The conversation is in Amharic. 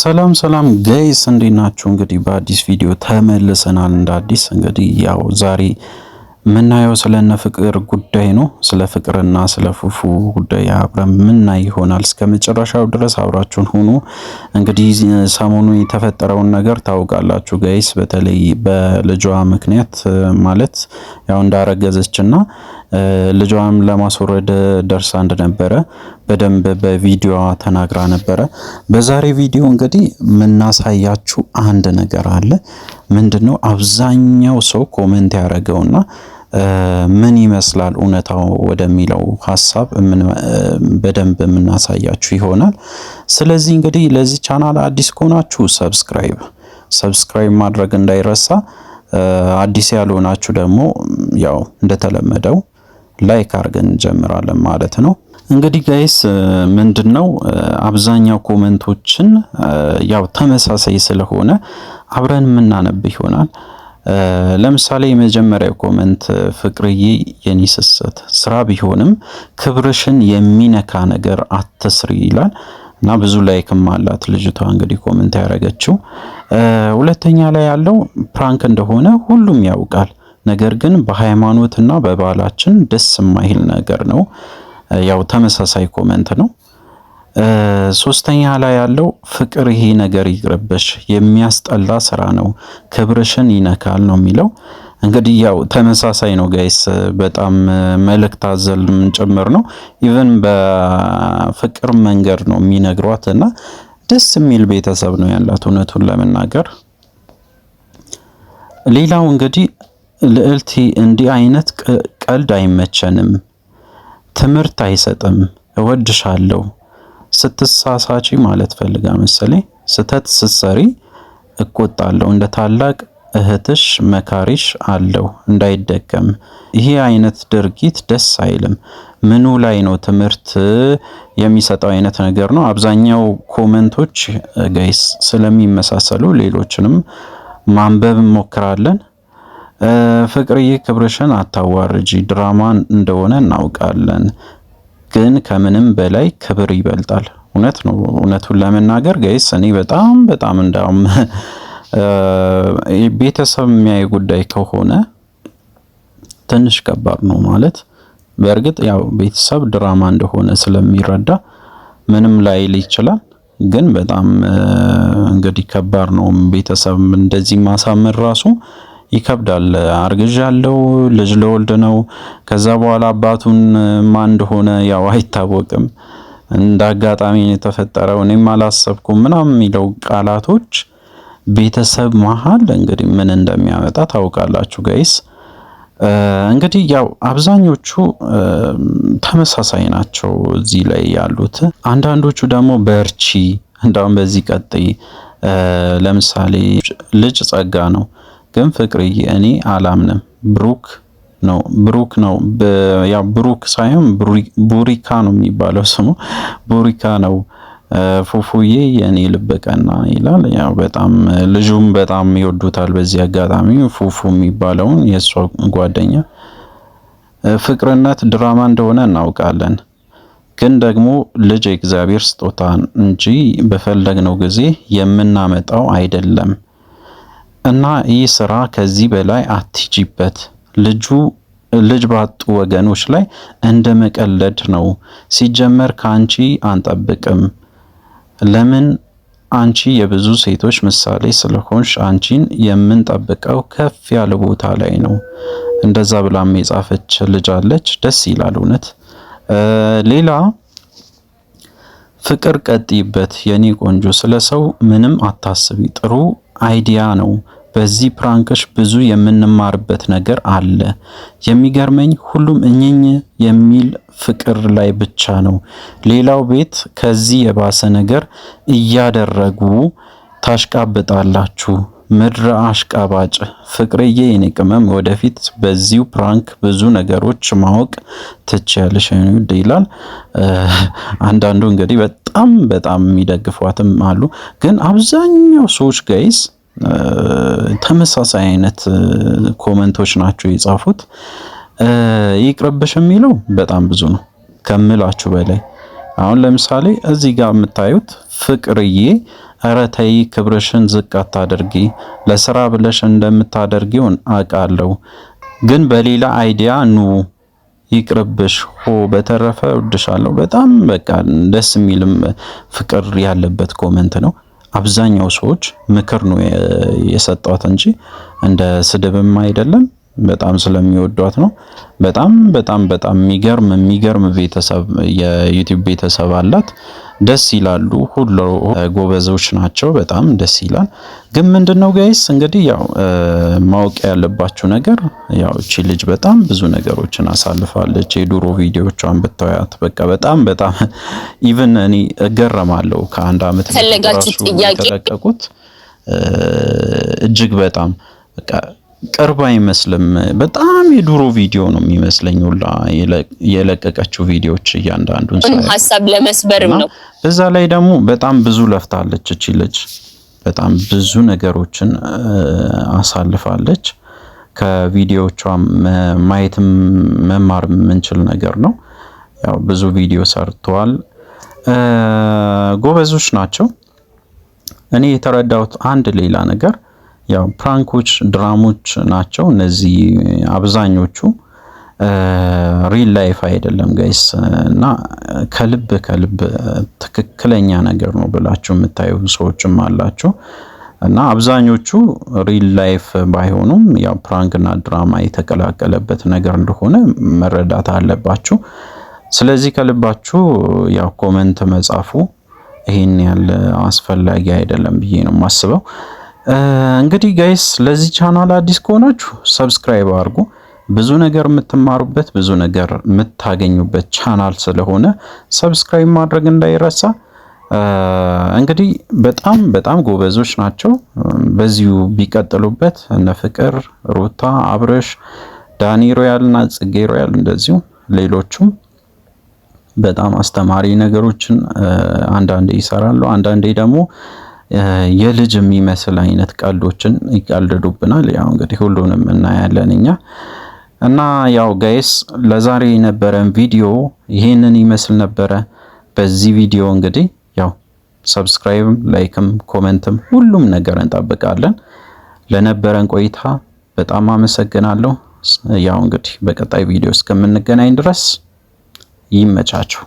ሰላም ሰላም ገይስ እንዴት ናችሁ? እንግዲህ በአዲስ ቪዲዮ ተመልሰናል። እንደ አዲስ እንግዲህ ያው ዛሬ የምናየው ስለ ፍቅር ጉዳይ ነው። ስለ ፍቅርና ስለ ፉፉ ጉዳይ አብረን የምናይ ይሆናል። እስከ መጨረሻው ድረስ አብራችሁን ሁኑ። እንግዲህ ሰሞኑ የተፈጠረውን ነገር ታውቃላችሁ ጋይስ፣ በተለይ በልጇ ምክንያት ማለት ያው እንዳረገዘችና ልጇም ለማስወረድ ደርሳ እንደነበረ በደንብ በቪዲዮ ተናግራ ነበረ። በዛሬ ቪዲዮ እንግዲህ የምናሳያችሁ አንድ ነገር አለ። ምንድን ነው አብዛኛው ሰው ኮመንት ያደረገውና ምን ይመስላል እውነታው ወደሚለው ሀሳብ በደንብ የምናሳያችሁ ይሆናል። ስለዚህ እንግዲህ ለዚህ ቻናል አዲስ ከሆናችሁ ሰብስክራይብ ሰብስክራይብ ማድረግ እንዳይረሳ። አዲስ ያልሆናችሁ ደግሞ ያው እንደተለመደው ላይክ አድርገን እንጀምራለን ማለት ነው። እንግዲህ ጋይስ ምንድን ነው አብዛኛው ኮመንቶችን ያው ተመሳሳይ ስለሆነ አብረን የምናነብ ይሆናል። ለምሳሌ የመጀመሪያው ኮመንት ፍቅርዬ የኔ ስስት ስራ ቢሆንም ክብርሽን የሚነካ ነገር አትስሪ ይላል እና ብዙ ላይክም አላት ልጅቷ እንግዲህ ኮመንት ያደረገችው። ሁለተኛ ላይ ያለው ፕራንክ እንደሆነ ሁሉም ያውቃል ነገር ግን በሃይማኖትና በባህላችን ደስ የማይል ነገር ነው። ያው ተመሳሳይ ኮመንት ነው። ሶስተኛ ላይ ያለው ፍቅር ይሄ ነገር ይቅርብሽ፣ የሚያስጠላ ስራ ነው፣ ክብርሽን ይነካል ነው የሚለው። እንግዲህ ያው ተመሳሳይ ነው ጋይስ፣ በጣም መልእክት አዘል ጭምር ነው። ኢቨን በፍቅር መንገድ ነው የሚነግሯት እና ደስ የሚል ቤተሰብ ነው ያላት እውነቱን ለመናገር ሌላው እንግዲህ ልዕልቲ እንዲህ አይነት ቀልድ አይመቸንም፣ ትምህርት አይሰጥም፣ እወድሻለሁ ስትሳሳቺ ማለት ፈልጋ መሰለኝ። ስተት ስትሰሪ እቆጣለሁ፣ እንደ ታላቅ እህትሽ መካሪሽ አለው እንዳይደገም። ይሄ አይነት ድርጊት ደስ አይልም። ምኑ ላይ ነው ትምህርት የሚሰጠው አይነት ነገር ነው። አብዛኛው ኮመንቶች ጋይስ ስለሚመሳሰሉ ሌሎችንም ማንበብ እንሞክራለን። ፍቅርዬ ክብርሽን አታዋርጂ፣ ድራማን እንደሆነ እናውቃለን፣ ግን ከምንም በላይ ክብር ይበልጣል። እውነት ነው። እውነቱን ለመናገር ጋይስ እኔ በጣም በጣም እንዳውም ቤተሰብ የሚያይ ጉዳይ ከሆነ ትንሽ ከባድ ነው ማለት በእርግጥ ያው ቤተሰብ ድራማ እንደሆነ ስለሚረዳ ምንም ላይል ይችላል። ግን በጣም እንግዲህ ከባድ ነው ቤተሰብ እንደዚህ ማሳመን ራሱ ይከብዳል። አርግዣለሁ፣ ልጅ ለወልድ ነው። ከዛ በኋላ አባቱን ማን እንደሆነ ያው አይታወቅም። እንደ አጋጣሚ የተፈጠረው እኔም አላሰብኩም ምናምን የሚለው ቃላቶች ቤተሰብ መሀል እንግዲህ ምን እንደሚያመጣ ታውቃላችሁ ጋይስ። እንግዲህ ያው አብዛኞቹ ተመሳሳይ ናቸው እዚህ ላይ ያሉት። አንዳንዶቹ ደግሞ በርቺ እንዳውም በዚህ ቀጥይ፣ ለምሳሌ ልጅ ጸጋ ነው ግን ፍቅርዬ እኔ አላምንም ብሩክ ነው ብሩክ ነው ያ ብሩክ ሳይሆን ቡሪካ ነው የሚባለው ስሙ ቡሪካ ነው ፉፉዬ የኔ ልበቀና ይላል። ያው በጣም ልጁም በጣም ይወዱታል። በዚህ አጋጣሚ ፉፉ የሚባለውን የእሷ ጓደኛ ፍቅርነት ድራማ እንደሆነ እናውቃለን። ግን ደግሞ ልጅ የእግዚአብሔር ስጦታ እንጂ በፈለግነው ጊዜ የምናመጣው አይደለም። እና ይህ ስራ ከዚህ በላይ አትጂበት። ልጁ ልጅ ባጡ ወገኖች ላይ እንደ መቀለድ ነው። ሲጀመር ከአንቺ አንጠብቅም። ለምን አንቺ የብዙ ሴቶች ምሳሌ ስለሆንሽ አንቺን የምንጠብቀው ከፍ ያለ ቦታ ላይ ነው። እንደዛ ብላም የጻፈች ልጅ አለች። ደስ ይላል እውነት። ሌላ ፍቅር ቀጥይበት የኔ ቆንጆ፣ ስለ ሰው ምንም አታስቢ ጥሩ አይዲያ ነው። በዚህ ፕራንክሽ ብዙ የምንማርበት ነገር አለ። የሚገርመኝ ሁሉም እኝኝ የሚል ፍቅር ላይ ብቻ ነው። ሌላው ቤት ከዚህ የባሰ ነገር እያደረጉ ታሽቃብጣላችሁ። ምድረ አሽቃባጭ ፍቅርዬ የኔ ቅመም ወደፊት በዚሁ ፕራንክ ብዙ ነገሮች ማወቅ ትችያለሽ ውድ ይላል። አንዳንዱ እንግዲህ በጣም በጣም የሚደግፏትም አሉ። ግን አብዛኛው ሰዎች ጋይስ ተመሳሳይ አይነት ኮመንቶች ናቸው የጻፉት። ይቅርብሽ የሚለው በጣም ብዙ ነው ከምላችሁ በላይ አሁን ለምሳሌ እዚህ ጋር የምታዩት ፍቅርዬ እረ ተይ ክብርሽን ዝቅ አታደርጊ። ለስራ ብለሽ እንደምታደርጊውን አውቃለሁ፣ ግን በሌላ አይዲያ ኑ ይቅርብሽ። ሆ በተረፈ እወድሻለሁ። በጣም በቃ ደስ የሚልም ፍቅር ያለበት ኮመንት ነው። አብዛኛው ሰዎች ምክር ነው የሰጧት እንጂ እንደ ስድብም አይደለም። በጣም ስለሚወዷት ነው። በጣም በጣም በጣም የሚገርም የሚገርም ቤተሰብ የዩቲዩብ ቤተሰብ አላት። ደስ ይላሉ። ሁሉ ጎበዞች ናቸው። በጣም ደስ ይላል። ግን ምንድነው ጋይስ እንግዲህ ያው ማወቅ ያለባችሁ ነገር ያው እቺ ልጅ በጣም ብዙ ነገሮችን አሳልፋለች። የድሮ ቪዲዮቿን ብታያት በቃ በጣም በጣም ኢቭን እኔ እገረማለሁ ከአንድ አመት ፈለጋችሁ ጥያቄ እጅግ በጣም በቃ ቅርብ አይመስልም። በጣም የድሮ ቪዲዮ ነው የሚመስለኝ ሁላ የለቀቀችው ቪዲዮዎች እያንዳንዱን ሀሳብ ለመስበርም ነው። በዛ ላይ ደግሞ በጣም ብዙ ለፍታለች እቺ ልጅ፣ በጣም ብዙ ነገሮችን አሳልፋለች። ከቪዲዮቿ ማየትም መማር የምንችል ነገር ነው። ያው ብዙ ቪዲዮ ሰርተዋል። ጎበዞች ናቸው። እኔ የተረዳሁት አንድ ሌላ ነገር ያው ፕራንኮች፣ ድራሞች ናቸው እነዚህ አብዛኞቹ። ሪል ላይፍ አይደለም ጋይስ እና ከልብ ከልብ ትክክለኛ ነገር ነው ብላችሁ የምታዩ ሰዎችም አላችሁ እና አብዛኞቹ ሪል ላይፍ ባይሆኑም ያው ፕራንክና ድራማ የተቀላቀለበት ነገር እንደሆነ መረዳት አለባችሁ። ስለዚህ ከልባችሁ ያው ኮመንት መጻፉ ይሄን ያለ አስፈላጊ አይደለም ብዬ ነው የማስበው። እንግዲህ ጋይስ ለዚህ ቻናል አዲስ ከሆናችሁ ሰብስክራይብ አድርጉ። ብዙ ነገር የምትማሩበት ብዙ ነገር የምታገኙበት ቻናል ስለሆነ ሰብስክራይብ ማድረግ እንዳይረሳ። እንግዲህ በጣም በጣም ጎበዞች ናቸው። በዚሁ ቢቀጥሉበት እነ ፍቅር፣ ሩታ፣ አብረሽ፣ ዳኒ ሮያል እና ጽጌ ሮያል እንደዚሁ ሌሎቹም በጣም አስተማሪ ነገሮችን አንዳንዴ ይሰራሉ፣ አንዳንዴ ደግሞ የልጅ የሚመስል አይነት ቀልዶችን ይቀልዱብናል። ያው እንግዲህ ሁሉንም እናያለን እኛ እና ያው ጋይስ ለዛሬ የነበረን ቪዲዮ ይህንን ይመስል ነበረ። በዚህ ቪዲዮ እንግዲህ ያው ሰብስክራይብም፣ ላይክም፣ ኮመንትም ሁሉም ነገር እንጠብቃለን። ለነበረን ቆይታ በጣም አመሰግናለሁ። ያው እንግዲህ በቀጣይ ቪዲዮ እስከምንገናኝ ድረስ ይመቻችሁ።